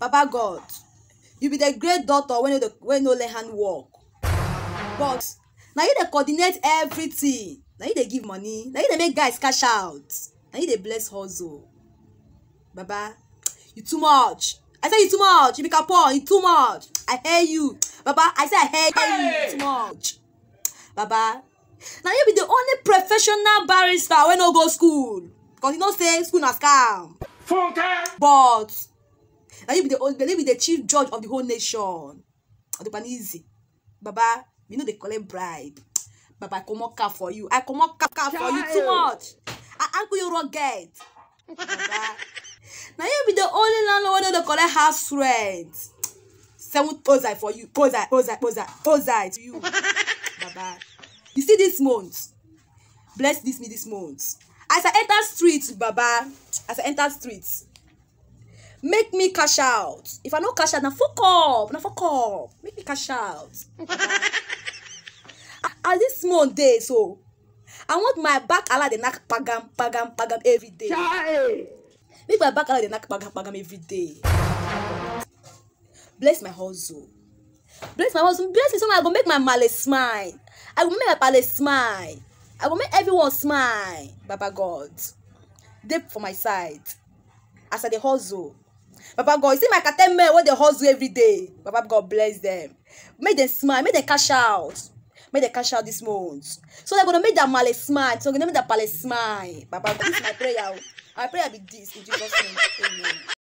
baba god you be the great daughter when you the when no learn hand work but now you dey coordinate everything Now you dey give money Now you dey make guys cash out Now you dey bless hustle baba you too much i say you too much you be capon you too much i hail you baba i say i hail hey! you too much baba now you be the only professional barrister when no go school because you know say school na scam funke but Now you be the only you be the chief judge of the whole nation odukpanizi baba you know they call it bribe baba i comot car for you i comot car for you too much I uncle yoro get baba na you be the only landlord wey no dey collect house rent seven ozai for you ozai Pose ozai Pose to you baba you see this month bless this me this month as i enter streets, baba as i enter streets make me cash out if i no cash out na fuck up na fuck up make me cash out At this month dey so i want my back ala dey nak pagam pagam pagam every day. make my back ala dey nak pagam pagam every day. bless my hustle bless my hustle bless me so i go make my male smile i go make my pale smile i go make everyone smile baba god deep for my side as i the hustle Baba God, you see my kate men wey they hustle every day. Baba God bless them. Make them smile, make them cash out. Make them cash out this month. So they're gonna make their male smile. So they're gonna make their palace smile. Baba God, this is my prayer. My prayer be this in Jesus' name. Amen.